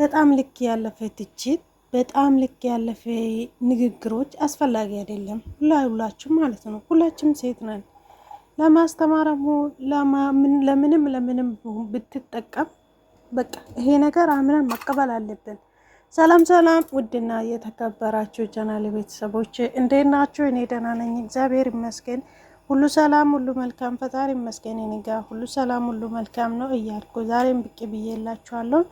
በጣም ልክ ያለፈ ትችት፣ በጣም ልክ ያለፈ ንግግሮች አስፈላጊ አይደለም። ሁላችሁም ማለት ነው ሁላችንም ሴት ነን። ለማስተማረሙ ለምንም ለምንም ብትጠቀም በቃ ይሄ ነገር አምነን መቀበል አለብን። ሰላም ሰላም፣ ውድና የተከበራችሁ ቻናል ቤተሰቦች እንዴት ናችሁ? እኔ ደህና ነኝ፣ እግዚአብሔር ይመስገን። ሁሉ ሰላም፣ ሁሉ መልካም፣ ፈጣሪ ይመስገን። እኔ ሁሉ ሰላም፣ ሁሉ መልካም ነው እያልኩ ዛሬም ብቅ ብዬላችኋለሁ።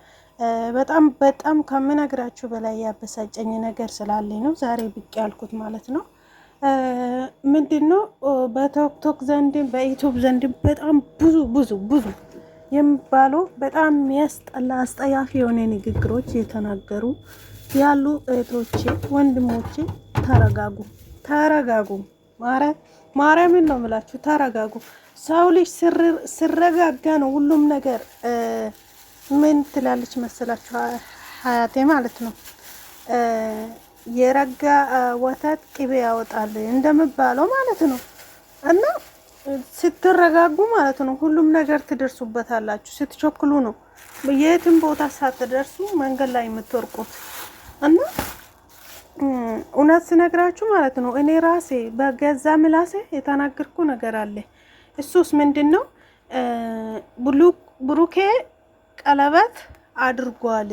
በጣም በጣም ከምነግራችሁ በላይ ያበሳጨኝ ነገር ስላለኝ ነው ዛሬ ብቅ ያልኩት ማለት ነው። ምንድን ነው በቶክቶክ ዘንድም በዩቱብ ዘንድም በጣም ብዙ ብዙ ብዙ የሚባሉ በጣም የሚያስጠላ አስጠያፊ የሆነ ንግግሮች የተናገሩ ያሉ እህቶቼ ወንድሞቼ፣ ተረጋጉ፣ ተረጋጉ። ማርያምን ነው የምላችሁ፣ ተረጋጉ። ሰው ልጅ ስረጋጋ ነው ሁሉም ነገር ምን ትላለች መሰላችሁ ሀያቴ ማለት ነው የረጋ ወተት ቅቤ ያወጣል እንደምባለው ማለት ነው። እና ስትረጋጉ ማለት ነው ሁሉም ነገር ትደርሱበታላችሁ። ስትቸኩሉ ነው የትም ቦታ ሳትደርሱ መንገድ ላይ የምትወርቁት። እና እውነት ስነግራችሁ ማለት ነው እኔ ራሴ በገዛ ምላሴ የተናገርኩ ነገር አለ። እሱስ ምንድን ነው ብሩኬ ቀለበት አድርጓል።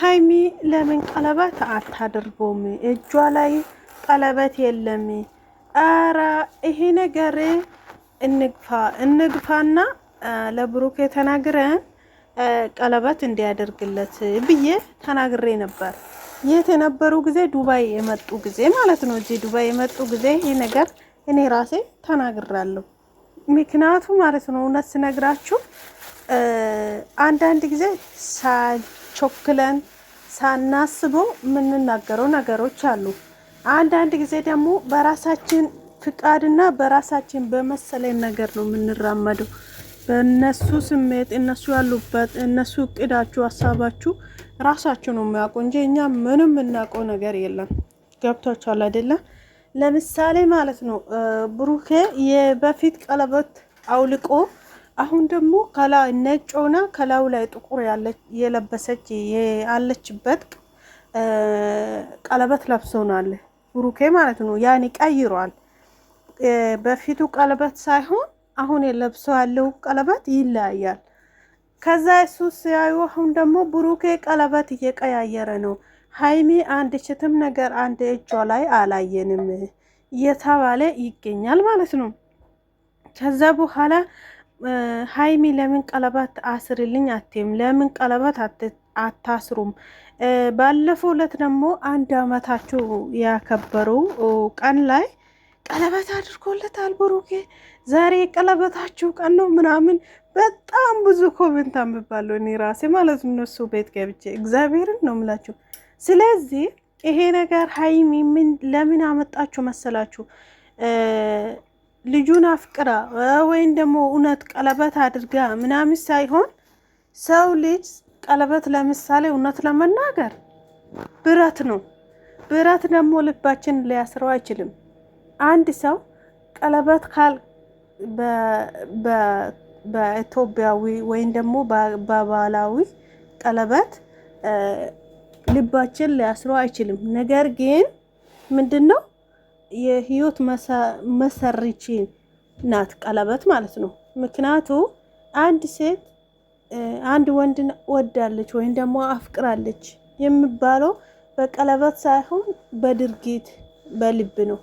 ሀይሚ ለምን ቀለበት አታድርጎም? እጇ ላይ ቀለበት የለም። አረ ይሄ ነገር እንግፋ እንግፋና ለብሩክ ተናግረን ቀለበት እንዲያደርግለት ብዬ ተናግሬ ነበር። የት የነበሩ ጊዜ ዱባይ የመጡ ጊዜ ማለት ነው። እዚህ ዱባይ የመጡ ጊዜ ይህ ነገር እኔ ራሴ ተናግራለሁ። ምክንያቱ ማለት ነው እውነት ስነግራችሁ አንዳንድ ጊዜ ሳንቾክለን ሳናስበው የምንናገረው ነገሮች አሉ። አንዳንድ ጊዜ ደግሞ በራሳችን ፍቃድና በራሳችን በመሰለን ነገር ነው የምንራመደው። በእነሱ ስሜት፣ እነሱ ያሉበት፣ እነሱ እቅዳችሁ፣ ሀሳባችሁ ራሳችሁ ነው የሚያውቁ እንጂ እኛ ምንም የምናውቀው ነገር የለም። ገብቷችኋል አይደለም? ለምሳሌ ማለት ነው ብሩኬ የበፊት ቀለበት አውልቆ አሁን ደግሞ ከላ ነጭ ሆና ከላዩ ላይ ጥቁር የለበሰች ያለችበት ቀለበት ለብሶናል ብሩኬ ማለት ነው። ያኔ ቀይሯል። በፊቱ ቀለበት ሳይሆን አሁን የለብሶ ያለው ቀለበት ይለያያል። ከዛ እሱ ሲያዩ አሁን ደግሞ ብሩኬ ቀለበት እየቀያየረ ነው። ሀይሚ አንድ ችትም ነገር አንድ እጇ ላይ አላየንም እየተባለ ይገኛል ማለት ነው። ከዛ በኋላ ሀይሚ ለምን ቀለበት አስርልኝ አትም ለምን ቀለበት አታስሩም? ባለፈው ዕለት ደግሞ አንድ አመታችሁ ያከበሩ ቀን ላይ ቀለበት አድርጎለታል ብሩኬ። ዛሬ ቀለበታችሁ ቀን ነው ምናምን በጣም ብዙ ኮሜንት አንብባለሁ እኔ ራሴ ማለት እነሱ ቤት ገብቼ እግዚአብሔርን ነው ምላችሁ። ስለዚህ ይሄ ነገር ሀይሚ ምን ለምን አመጣችሁ መሰላችሁ? ልጁን አፍቅራ ወይም ደግሞ እውነት ቀለበት አድርጋ ምናምን ሳይሆን ሰው ልጅ ቀለበት ለምሳሌ እውነት ለመናገር ብረት ነው። ብረት ደግሞ ልባችን ሊያስረው አይችልም። አንድ ሰው ቀለበት ካል በኢትዮጵያዊ ወይም ደግሞ በባህላዊ ቀለበት ልባችን ሊያስረው አይችልም። ነገር ግን ምንድን ነው የህይወት መሰሪቺ ናት ቀለበት ማለት ነው። ምክንያቱ አንድ ሴት አንድ ወንድን ወዳለች ወይም ደግሞ አፍቅራለች የሚባለው በቀለበት ሳይሆን በድርጊት በልብ ነው።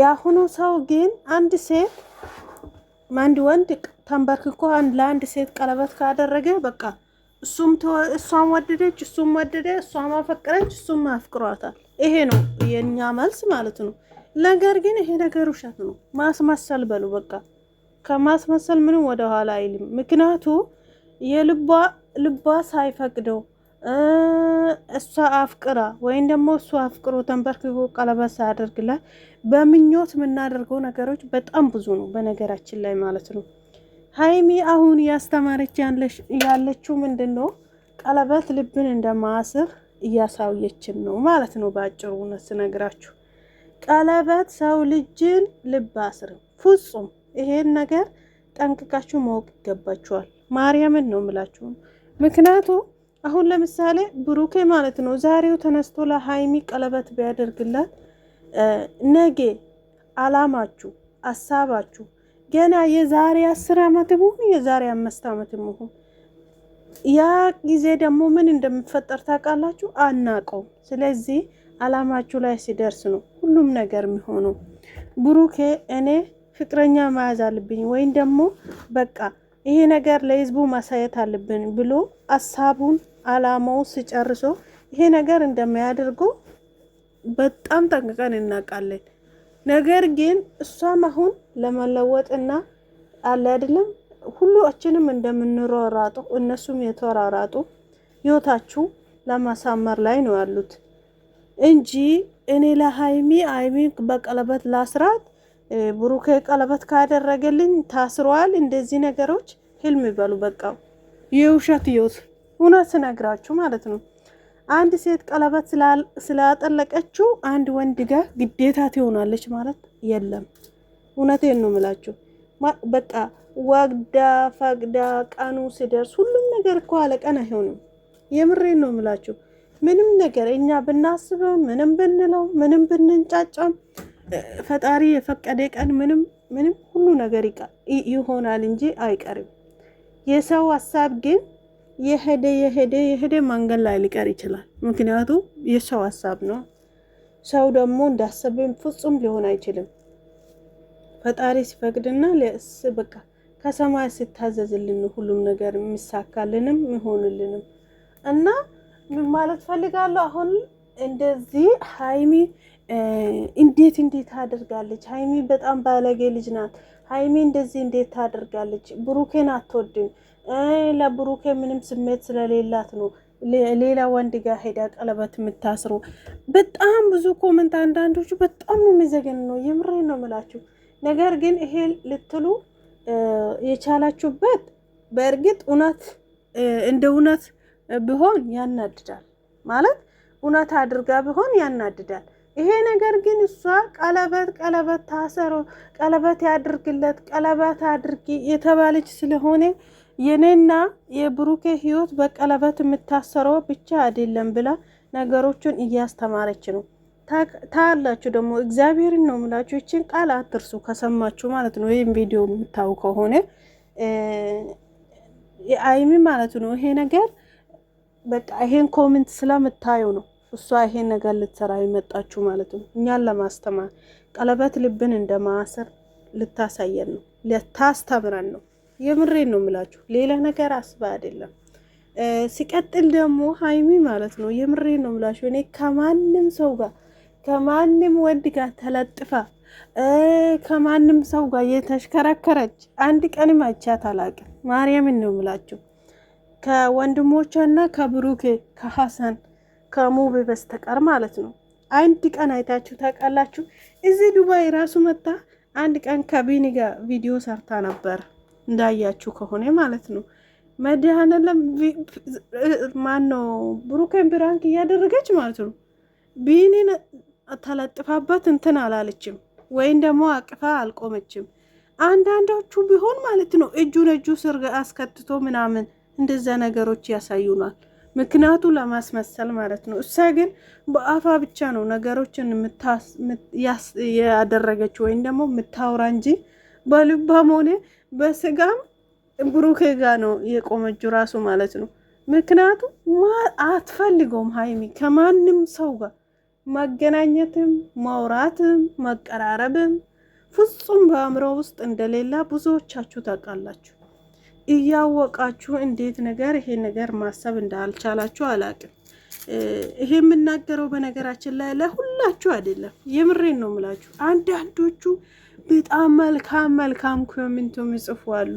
የአሁኑ ሰው ግን አንድ ሴት አንድ ወንድ ተንበርክኮ ለአንድ ሴት ቀለበት ካደረገ በቃ እሷም ወደደች፣ እሱም ወደደ፣ እሷም አፈቅረች እሱም አፍቅሯታል። ይሄ ነው የእኛ መልስ ማለት ነው። ነገር ግን ይሄ ነገር ውሸት ነው፣ ማስመሰል በሉ በቃ። ከማስመሰል ምንም ወደኋላ አይልም። ምክንያቱ የልቧ ልቧ ሳይፈቅደው እሷ አፍቅራ ወይም ደግሞ እሱ አፍቅሮ ተንበርክኮ ቀለበት ሳያደርግላት በምኞት የምናደርገው ነገሮች በጣም ብዙ ነው፣ በነገራችን ላይ ማለት ነው። ሀይሚ አሁን እያስተማረች ያለችው ምንድን ነው? ቀለበት ልብን እንደማስር እያሳየችን ነው ማለት ነው። በአጭሩ እውነት ስነግራችሁ ቀለበት ሰው ልጅን ልብ አስርም ፍጹም። ይሄን ነገር ጠንቅቃችሁ ማወቅ ይገባችኋል። ማርያምን ነው ምላችሁ። ምክንያቱ አሁን ለምሳሌ ብሩኬ ማለት ነው ዛሬው ተነስቶ ለሀይሚ ቀለበት ቢያደርግላት ነገ አላማችሁ አሳባችሁ ገና የዛሬ አስር ዓመት ይሁን የዛሬ አምስት ዓመት ይሁን ያ ጊዜ ደግሞ ምን እንደሚፈጠር ታውቃላችሁ? አናቀውም ስለዚህ አላማችሁ ላይ ሲደርስ ነው ሁሉም ነገር የሚሆነው። ብሩኬ እኔ ፍቅረኛ መያዝ አለብኝ ወይም ደግሞ በቃ ይሄ ነገር ለህዝቡ ማሳየት አለብን ብሎ አሳቡን አላማው ሲጨርሶ ይሄ ነገር እንደሚያደርገው በጣም ጠንቅቀን እናውቃለን። ነገር ግን እሷም አሁን ለመለወጥ እና አለ አይደለም ሁላችንም እንደምንሯሯጡ እነሱም የተሯሯጡ ህይወታችሁ ለማሳመር ላይ ነው ያሉት እንጂ እኔ ለሀይሚ አይሚ በቀለበት ላስራት ብሩኬ ቀለበት ካደረገልኝ ታስሯል። እንደዚህ ነገሮች ህልም ይበሉ። በቃ የውሸት ህይወት እውነት ስነግራችሁ ማለት ነው። አንድ ሴት ቀለበት ስላጠለቀችው አንድ ወንድ ጋር ግዴታ ትሆናለች ማለት የለም። እውነቴን ነው ምላችሁ። በቃ ዋግዳ ፈግዳ ቀኑ ሲደርስ ሁሉም ነገር እኮ አለቀን አይሆንም። የምሬን ነው ምላችሁ። ምንም ነገር እኛ ብናስበው ምንም ብንለው ምንም ብንንጫጫም ፈጣሪ የፈቀደ ቀን ምንም ምንም ሁሉ ነገር ይሆናል እንጂ አይቀርም። የሰው ሀሳብ ግን የሄደ የሄደ የሄደ መንገድ ላይ ሊቀር ይችላል። ምክንያቱ የሰው ሀሳብ ነው። ሰው ደግሞ እንዳሰብም ፍጹም ሊሆን አይችልም። ፈጣሪ ሲፈቅድና ለስ በቃ ከሰማይ ስታዘዝልን ሁሉም ነገር የሚሳካልንም ይሆንልንም እና ምን ማለት ፈልጋለሁ አሁን እንደዚህ ሀይሚ እንዴት እንዴት ታደርጋለች? ሀይሚ በጣም ባለጌ ልጅ ናት። ሀይሚ እንደዚህ እንዴት ታደርጋለች? ብሩኬን አትወድም ለብሩኬ ምንም ስሜት ስለሌላት ነው ሌላ ወንድ ጋር ሄዳ ቀለበት የምታስሩ። በጣም ብዙ ኮመንት አንዳንዶቹ በጣም ነው የሚዘገን ነው። የምሬ ነው ምላችሁ። ነገር ግን ይሄ ልትሉ የቻላችሁበት በእርግጥ እውነት እንደ እውነት ቢሆን ያናድዳል ማለት እውነት አድርጋ ቢሆን ያናድዳል። ይሄ ነገር ግን እሷ ቀለበት ቀለበት ታሰሩ ቀለበት ያድርግለት ቀለበት አድርጊ የተባለች ስለሆነ የኔና የብሩኬ ህይወት በቀለበት የምታሰረው ብቻ አይደለም ብላ ነገሮቹን እያስተማረች ነው። ታላችሁ ደግሞ እግዚአብሔርን ነው ምላችሁ። ይችን ቃል አትርሱ ከሰማችሁ ማለት ነው። ይህም ቪዲዮ የምታው ከሆነ አይሚ ማለት ነው። ይሄ ነገር በቃ ይሄን ኮሜንት ስለምታዩ ነው እሷ ይሄን ነገር ልትሰራ የመጣችሁ ማለት ነው። እኛን ለማስተማር ቀለበት ልብን እንደማሰር ልታሳየን ነው፣ ልታስተምረን ነው። የምሬን ነው የምላችሁ። ሌላ ነገር አስባ አይደለም። ሲቀጥል ደግሞ ሀይሚ ማለት ነው የምሬን ነው የምላችሁ። እኔ ከማንም ሰው ጋር ከማንም ወንድ ጋር ተለጥፋ ከማንም ሰው ጋር የተሽከረከረች አንድ ቀንም አይቻት አላቅም። ማርያምን ነው የምላችሁ ከወንድሞቿና ከብሩኬ ከሀሰን ከሙቤ በስተቀር ማለት ነው። አንድ ቀን አይታችሁ ታውቃላችሁ? እዚህ ዱባይ ራሱ መታ አንድ ቀን ከቢኒ ጋር ቪዲዮ ሰርታ ነበር። እንዳያችሁ ከሆነ ማለት ነው። መድኃኔዓለም ማን ነው ብሩኬን ብራንክ እያደረገች ማለት ነው። ቢኒን ተለጥፋበት እንትን አላለችም ወይም ደግሞ አቅፋ አልቆመችም። አንዳንዶቹ ቢሆን ማለት ነው እጁን እጁ ስር አስከትቶ ምናምን እንደዛ ነገሮች ያሳዩናል። ምክንያቱ ለማስመሰል ማለት ነው። እሷ ግን በአፋ ብቻ ነው ነገሮችን ያደረገች ወይም ደግሞ የምታውራ እንጂ በልባም ሆነ በስጋም ብሩክ ጋ ነው የቆመጁ ራሱ ማለት ነው። ምክንያቱም አትፈልገውም ሀይሚ ከማንም ሰው ጋር መገናኘትም ማውራትም መቀራረብም ፍጹም በአእምሮ ውስጥ እንደሌላ ብዙዎቻችሁ ታውቃላችሁ። እያወቃችሁ እንዴት ነገር ይሄ ነገር ማሰብ እንዳልቻላችሁ አላቅም። ይሄ የምናገረው በነገራችን ላይ ለሁላችሁ አይደለም፣ የምሬን ነው ምላችሁ አንዳንዶቹ በጣም መልካም መልካም ኮሜንቱም ይጽፉ አሉ።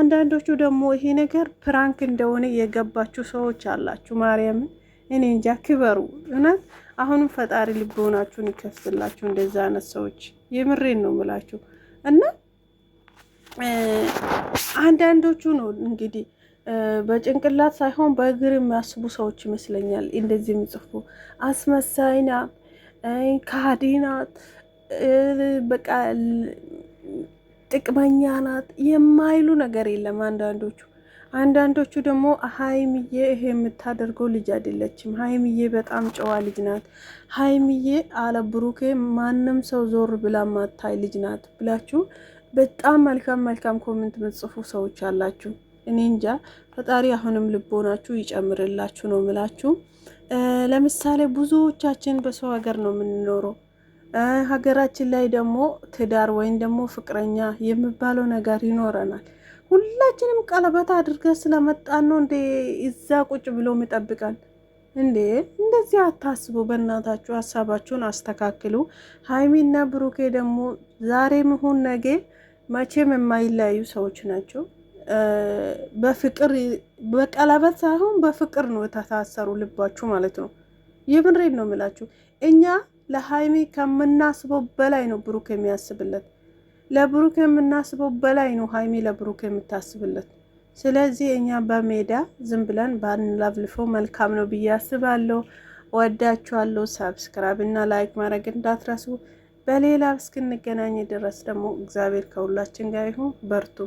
አንዳንዶቹ ደግሞ ይሄ ነገር ፕራንክ እንደሆነ የገባችሁ ሰዎች አላችሁ። ማርያምን እኔ እንጃ፣ ክበሩ። እውነት አሁንም ፈጣሪ ልቦናችሁን ይከፍትላችሁ። እንደዛ አይነት ሰዎች የምሬን ነው ምላችሁ እና አንዳንዶቹ ነው እንግዲህ በጭንቅላት ሳይሆን በእግር የሚያስቡ ሰዎች ይመስለኛል እንደዚህ የሚጽፉ አስመሳይና ካዲናት በቃ ጥቅመኛ ናት የማይሉ ነገር የለም። አንዳንዶቹ አንዳንዶቹ ደግሞ ሀይምዬ ይሄ የምታደርገው ልጅ አይደለችም፣ ሀይምዬ በጣም ጨዋ ልጅ ናት፣ ሀይምዬ አለ ብሩኬ ማንም ሰው ዞር ብላ ማታይ ልጅ ናት ብላችሁ በጣም መልካም መልካም ኮሜንት ምጽፉ ሰዎች አላችሁ። እኔ እንጃ ፈጣሪ አሁንም ልቦናችሁ ይጨምርላችሁ ነው ምላችሁ። ለምሳሌ ብዙዎቻችን በሰው ሀገር ነው የምንኖረው ሀገራችን ላይ ደግሞ ትዳር ወይም ደግሞ ፍቅረኛ የሚባለው ነገር ይኖረናል። ሁላችንም ቀለበት አድርገን ስለመጣን ነው እንዴ እዛ ቁጭ ብሎ ይጠብቃል እንዴ? እንደዚህ አታስቡ። በእናታችሁ ሀሳባችሁን አስተካክሉ። ሀይሚና ብሩኬ ደግሞ ዛሬም ምሁን ነገ መቼም የማይለያዩ ሰዎች ናቸው። በፍቅር በቀለበት ሳይሆን በፍቅር ነው የተሳሰሩ ልባችሁ ማለት ነው። የምንሬድ ነው የምላችሁ እኛ ለሀይሚ ከምናስበው በላይ ነው ብሩክ የሚያስብለት። ለብሩክ የምናስበው በላይ ነው ሀይሚ ለብሩክ የምታስብለት። ስለዚህ እኛ በሜዳ ዝም ብለን ባንለፍልፈው መልካም ነው ብዬ አስባለሁ። ወዳችኋለሁ። ሳብስክራይብ እና ላይክ ማድረግ እንዳትረሱ። በሌላ እስክንገናኝ ድረስ ደግሞ እግዚአብሔር ከሁላችን ጋር ይሁን። በርቱ።